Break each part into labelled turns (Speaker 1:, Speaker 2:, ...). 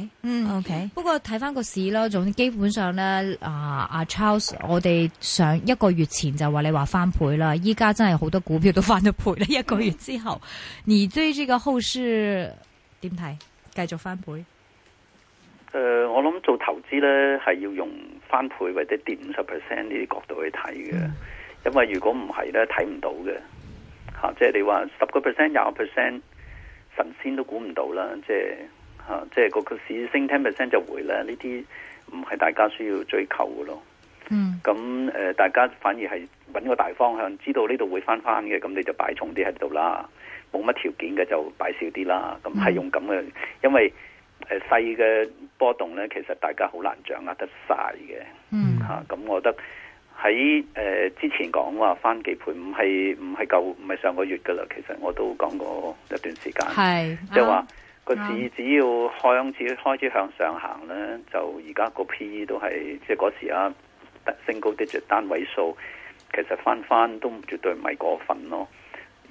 Speaker 1: Okay. 嗯，OK。不過睇翻個市咯，總之基本上咧，啊啊 Charles，我哋上一個月前就話你話翻倍啦，依家真係好多股票都翻咗倍啦。一個月之後，你 對呢個後市點睇？繼續翻倍？
Speaker 2: 誒、呃，我諗做投資咧係要用翻倍或者跌五十 percent 呢啲角度去睇嘅，嗯，因為如果唔係咧睇唔到嘅。吓、啊，即、就、係、是、你話十個 percent，廿個 percent，神仙都估唔到啦，即係。啊、即係個個市升 ten percent 就回啦，呢啲唔係大家需要追求嘅咯。嗯、咁、啊、誒，大家反而係揾個大方向，知道呢度會翻翻嘅，咁你就擺重啲喺度啦。冇乜條件嘅就擺少啲啦。咁係用咁嘅，嗯，因為誒細嘅波動咧，其實大家好難掌握得晒嘅。嗯、吓、啊、咁、啊嗯啊嗯、我覺得喺誒、呃、之前講話翻幾倍唔係，唔係唔係夠唔係上個月噶啦。其實我都講過一段時間，係即係話。就是個、嗯、只要向只要開始向上行咧，就而家個 P E 都係即係嗰時啊，升高啲只單位數，其實翻翻都絕對唔係過分咯。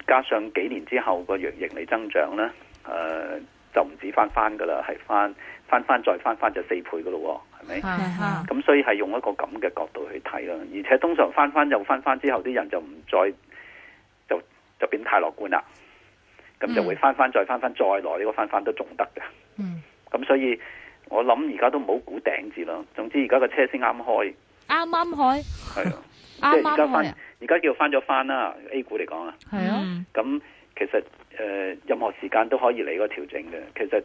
Speaker 2: 加上幾年之後個盈盈利增長咧，誒、呃、就唔止翻翻噶啦，係翻翻翻再翻翻就四倍噶咯，係咪？咁、嗯、所以係用一個咁嘅角度去睇啦。而且通常翻翻又翻翻之後，啲人就唔再就就變太樂觀啦。咁、嗯、就會翻番再翻番再來，呢、呢個翻番都仲得嘅。咁、嗯、所以我諗而家都冇估頂字咯。總之而家個車先啱開，
Speaker 1: 啱啱開係啊，啱啱開即係而家翻，
Speaker 2: 而家叫翻咗翻啦。A 股嚟講啊，係、嗯、啊。咁其實、呃、任何時間都可以嚟個調整嘅。其實、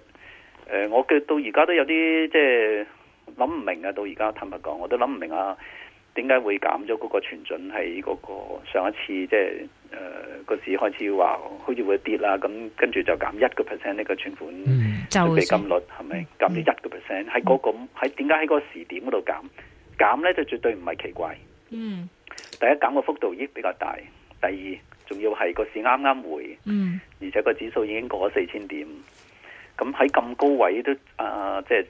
Speaker 2: 呃、我嘅到而家都有啲即係諗唔明啊。到而家坦白講，我都諗唔明啊。點解會減咗嗰個存準喺嗰個上一次即係誒個市開始話好似會跌啦，咁跟住就減一個 percent 呢個存款準備金率係咪減咗一個 percent？喺嗰個喺點解喺個時點嗰度減減咧？減就絕對唔係奇怪。嗯，第一減嘅幅度亦比較大，第二仲要係個市啱啱回，嗯，而且個指數已經過咗四千點，咁喺咁高位都誒即係。呃就是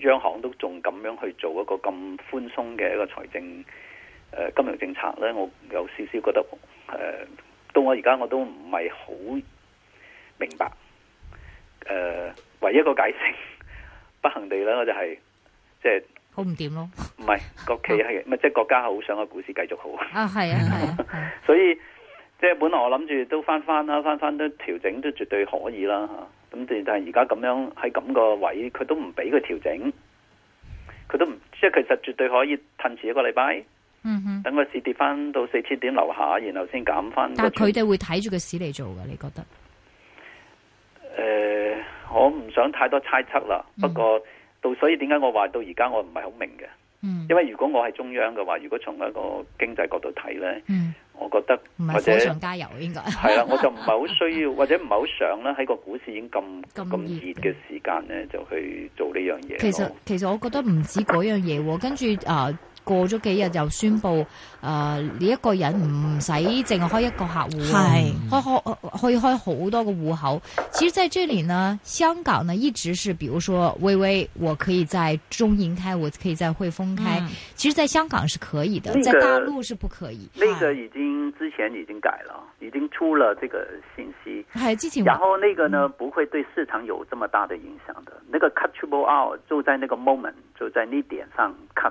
Speaker 2: 央行都仲咁樣去做一個咁寬鬆嘅一個財政誒、呃、金融政策咧，我有少少覺得誒、呃，到我而家我都唔係好明白誒、呃，唯一,一個解釋，不幸地咧我就係即係
Speaker 1: 好唔掂咯。唔係
Speaker 2: 國企係，唔係即係國家好想個股市繼續好 啊。係啊係啊，啊啊 所以即係本來我諗住都翻翻啦，翻翻都調整都絕對可以啦吓。咁但係而家咁樣喺咁個位，佢都唔俾佢調整，佢都唔即係其實絕對可以褪遲一個禮拜。嗯哼，等個市跌翻到四千點樓下，然後先減翻。但係佢
Speaker 1: 哋會睇住個市嚟做嘅，你覺得？
Speaker 2: 誒、呃，我唔想太多猜測啦、嗯。不過到所以點解我話到而家我唔係好明嘅？嗯，因為如果我係中央嘅話，如果從一個經濟角度睇咧，嗯。我覺得，唔係想加
Speaker 1: 油應該係啦，我就
Speaker 2: 唔係好需要， 或者唔係好想啦，喺個股市已經咁咁熱嘅時間咧，就去做呢樣嘢。其實
Speaker 1: 其實我覺得唔止嗰樣嘢喎，跟住啊。呃過咗幾日就宣布，誒、呃，你、這、一個人唔使淨係開一個客戶，開開可以開好多個戶口。其實，在這裏呢，香港呢一直是，比如說微微，我可以在中銀開，我可以在匯豐開、嗯。其實，在香港是可以的，那個，在大陸
Speaker 2: 是不可以。那個已經之前已經改了，已經出了這個信息。係，然後那個呢、嗯，不會對市場有這麼大的影響的。那個 catchable out 就在那個 moment，就在那點上 cut。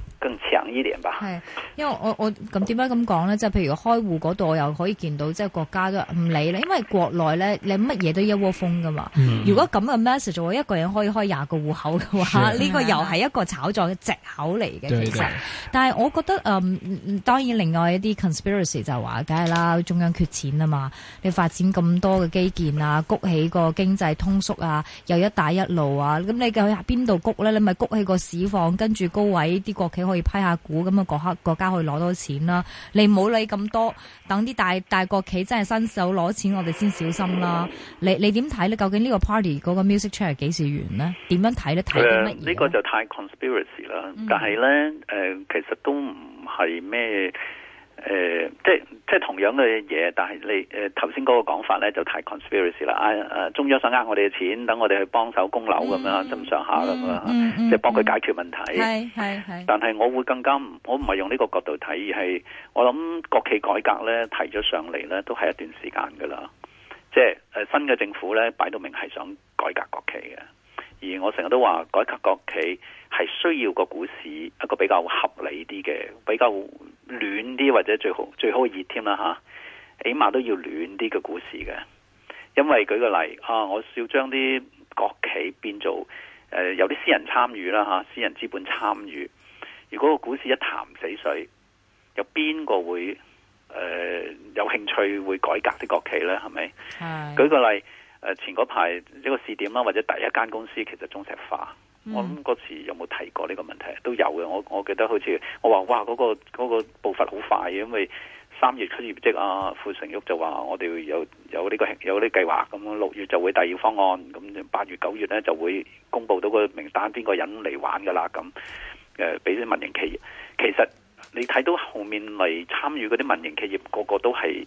Speaker 2: 更
Speaker 1: 強一點吧。係，因為我我咁點解咁講咧？即係、就是、譬如開戶嗰度，我又可以見到，即、就、係、是、國家都唔理咧。因為國內咧，你乜嘢都一窩蜂噶嘛、嗯。如果咁嘅 message，我一個人可以開廿個戶口嘅話，呢、這個又係一個炒作嘅借口嚟嘅。其實，但係我覺得誒、嗯，當然另外一啲 conspiracy 就話，梗係啦，中央缺錢啊嘛。你發展咁多嘅基建啊，谷起個經濟通縮啊，又一帶一路啊，咁你究竟邊度谷咧？你咪谷起個市況，跟住高位啲國企。可以批下股咁啊！嗰刻國家可以攞到錢啦。你唔好理咁多，等啲大大國企真係伸手攞錢，我哋先小心啦。嗯、你你點睇咧？究竟呢個 party 嗰個 music chair 幾時完咧？點樣睇咧？睇啲乜嘢？呢、
Speaker 2: 這個就太 conspiracy 啦、嗯。但係咧，誒、呃，其實都唔係咩。誒、呃，即係即係同樣嘅嘢，但係你誒頭先嗰個講法咧就太 conspiracy 啦！啊，中央想呃我哋嘅錢，等我哋去幫手供樓咁、嗯、樣，咁上下咁啊、嗯嗯嗯，即係幫佢解決問題。係係
Speaker 1: 係。
Speaker 2: 但係我會更加，我唔係用呢個角度睇，而係我諗國企改革咧，提咗上嚟咧都係一段時間噶啦。即係誒、呃、新嘅政府咧擺到明係想改革國企嘅。而我成日都話改革國企係需要個股市一個比較合理啲嘅，比較暖啲或者最好最好熱添啦嚇，起碼都要暖啲嘅股市嘅。因為舉個例啊，我要將啲國企變做誒、呃、有啲私人參與啦嚇、啊，私人資本參與。如果個股市一潭死水，有邊個會誒、呃、有興趣會改革啲國企呢？係咪？舉個例。誒，前嗰排呢個試點啦，或者第一間公司其實中石化，嗯、我諗嗰時有冇提過呢個問題？都有嘅，我我記得好似我話，哇，嗰、嗰個嗰、嗰個步伐好快，因為三月出業績啊，傅成玉就話我哋有有呢、呢個有呢個計劃，咁六月就會第要方案，咁八月九月呢就會公布到個名單，邊個人嚟玩噶啦，咁誒，俾、呃、啲民營企業，其實你睇到後面嚟參與嗰啲民營企業，個個都係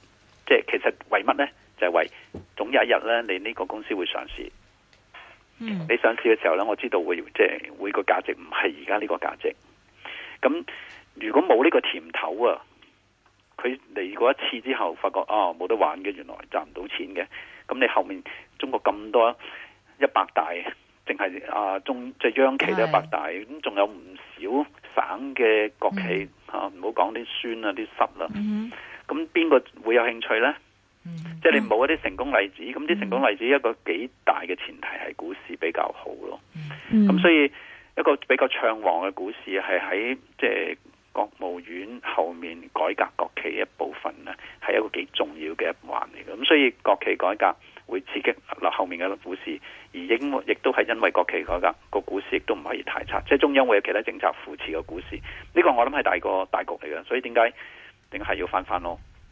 Speaker 2: 即係，其實為乜呢？係為總有一日咧，你呢個公司會上市。你上市嘅時候咧，我知道會即係會個價值唔係而家呢個價值。咁如果冇呢個甜頭啊，佢嚟過一次之後發覺啊、哦、冇得玩嘅，原來賺唔到錢嘅。咁你後面中國咁多一百大，淨係啊中即係央企都一百大，咁仲有唔少省嘅國企吓，唔好講啲酸啊、啲濕啦。咁邊個會有興趣咧？即係你冇一啲成功例子，咁啲成功例子一個幾大嘅前提係股市比較好咯。咁所以一個比較暢旺嘅股市係喺即係國務院後面改革國企一部分咧，係一個幾重要嘅一環嚟嘅。咁所以國企改革會刺激嗱後面嘅股市，而應亦都係因為國企改革個股市亦都唔可以太差。即係中央會有其他政策扶持個股市，呢、呢個我諗係大個大局嚟嘅。所以點解定係要翻翻咯？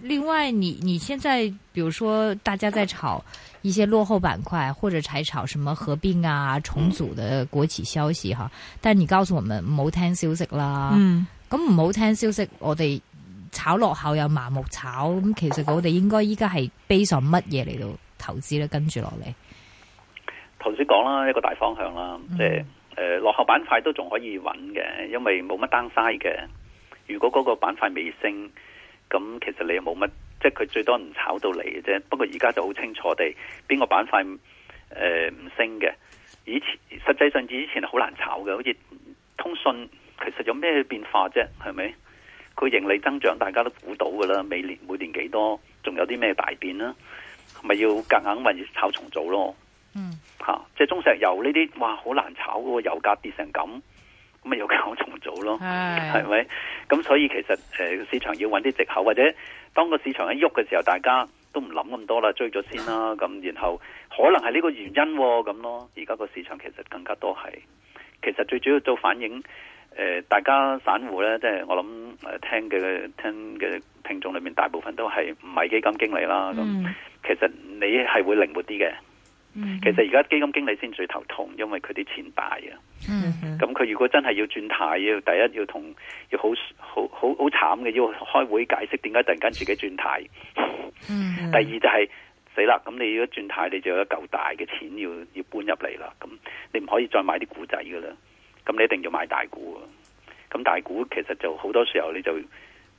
Speaker 1: 另外，你你現在，比如說大家在炒一些落後板塊，或者才炒什麼合併啊、重組的國企消息哈，嗯，但你告訴我們，唔好聽消息啦，咁唔好聽消息，我哋炒落後又盲目炒，咁，嗯、其實我哋應該依家係 based on 乜嘢嚟到投資咧？跟住落嚟，
Speaker 2: 頭先講啦，一個大方向啦，即係誒落後板塊都仲可以搵嘅，因為冇乜 downside 嘅，如果嗰個板塊未升。咁其實你又冇乜，即係佢最多唔炒到你嘅啫。不過而家就好清楚地，邊個板塊誒唔升嘅？以前實際上以前好難炒嘅，好似通訊其實有咩變化啫？係咪？佢盈利增長大家都估到噶啦，每年每年幾多？仲有啲咩大變啦？咪要夾硬運炒重組咯？嗯，吓，啊，即係中石油呢啲，哇，好難炒噶，油價跌成咁。咁咪又搞重組咯，係咪？咁所以其實誒市場要揾啲藉口，或者當個市場一喐嘅時候，大家都唔諗咁多啦，追咗先啦。咁然後可能係呢個原因咁咯。而家個市場其實更加多係，其實最主要做反映誒、呃，大家散戶咧，即、就、係、是、我諗誒聽嘅聽嘅聽眾裏面大部分都係唔係基金經理啦。咁、嗯、其實你係會靈活啲嘅。其實而家基金經理先最頭痛，因為佢啲錢大啊。咁佢如果真係要轉軚，要第一要同要好好好好慘嘅，要開會解釋點解突然間自己轉軚、嗯。第二就係死啦，咁你如果轉軚，你就有一嚿大嘅錢要要搬入嚟啦。咁你唔可以再買啲股仔噶啦。咁你一定要買大股啊。咁大股其實就好多時候你就。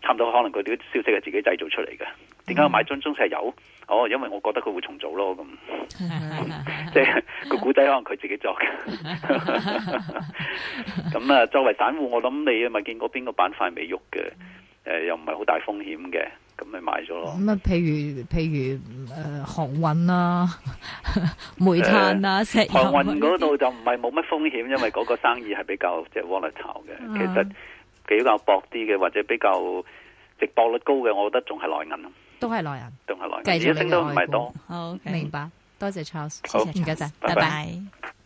Speaker 2: 差唔多可能佢啲消息係自己製造出嚟嘅，點解買中中石油？哦、嗯 oh,，因為我覺得佢會重組咯，咁即係個故仔可能佢自己作嘅。咁 啊，作為散戶，我諗你咪見過邊個板塊未喐嘅？誒、呃，又唔係好大風險嘅，咁咪買咗咯。咁、
Speaker 1: 嗯呃、啊，譬如譬如誒航運啊煤炭啊石、呃、油運那裡不是沒什麼。航運嗰度
Speaker 2: 就唔係冇乜風險，因為嗰個生意係比較即係 volatile 嘅，嗯、其實。比較薄啲嘅或者比較值博率高嘅，我覺得仲係內銀咯，
Speaker 1: 都係內銀，
Speaker 2: 都係內銀，只升都唔係多。好、
Speaker 1: okay，明白，多謝，謝 Charles，好，唔該曬，拜拜。拜拜。